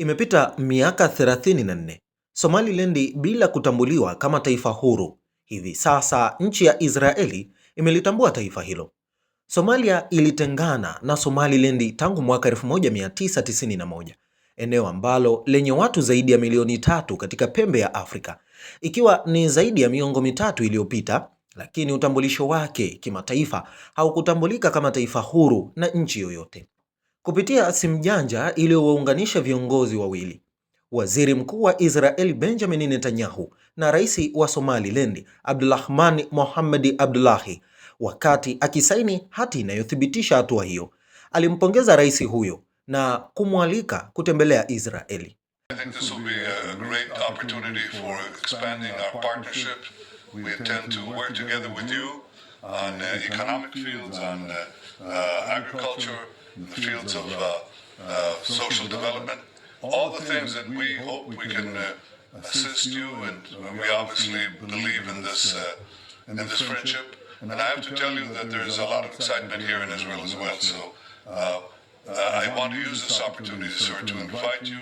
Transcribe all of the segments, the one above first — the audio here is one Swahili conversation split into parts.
Imepita miaka 34 Somaliland bila kutambuliwa kama taifa huru. Hivi sasa nchi ya Israeli imelitambua taifa hilo. Somalia ilitengana na Somaliland tangu mwaka 1991, eneo ambalo lenye watu zaidi ya milioni tatu katika pembe ya Afrika, ikiwa ni zaidi ya miongo mitatu iliyopita, lakini utambulisho wake kimataifa haukutambulika kama taifa huru na nchi yoyote kupitia simu janja iliyowaunganisha viongozi wawili, Waziri Mkuu wa Israel Benjamin Netanyahu na Rais wa Somaliland Abdulrahman Mohamed Abdullahi. Wakati akisaini hati inayothibitisha hatua hiyo, alimpongeza rais huyo na kumwalika kutembelea Israeli in the fields of uh, uh, social development, all the things that we hope we can uh, assist you. And uh, we obviously believe in this uh, in this friendship. And I have to tell you that there is a lot of excitement here in Israel as well. So uh, I want to use this opportunity, sir, to invite you.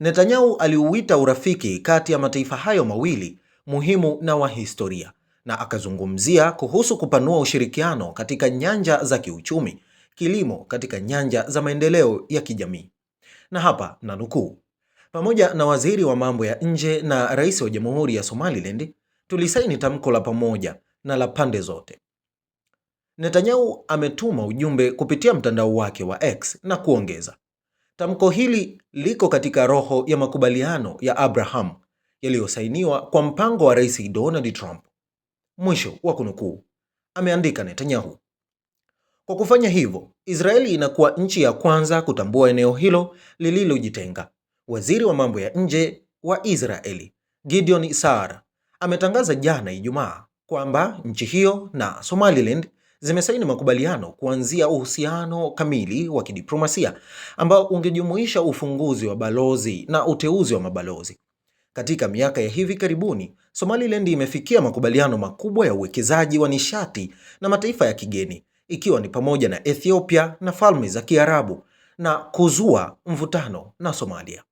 Netanyahu aliuita urafiki kati ya mataifa hayo mawili muhimu na wa historia na akazungumzia kuhusu kupanua ushirikiano katika nyanja za kiuchumi kilimo katika nyanja za maendeleo ya kijamii. Na hapa na nukuu, pamoja na waziri wa mambo ya nje na rais wa Jamhuri ya Somaliland tulisaini tamko la pamoja na la pande zote. Netanyahu ametuma ujumbe kupitia mtandao wake wa X na kuongeza, tamko hili liko katika roho ya makubaliano ya Abraham yaliyosainiwa kwa mpango wa Rais Donald Trump. Mwisho wa kunukuu, ameandika Netanyahu. Kwa kufanya hivyo, Israeli inakuwa nchi ya kwanza kutambua eneo hilo lililojitenga. Waziri wa mambo ya nje wa Israeli, Gideon Saar, ametangaza jana Ijumaa kwamba nchi hiyo na Somaliland zimesaini makubaliano kuanzia uhusiano kamili wa kidiplomasia ambao ungejumuisha ufunguzi wa balozi na uteuzi wa mabalozi. Katika miaka ya hivi karibuni, Somaliland imefikia makubaliano makubwa ya uwekezaji wa nishati na mataifa ya kigeni ikiwa ni pamoja na Ethiopia na Falme za Kiarabu na kuzua mvutano na Somalia.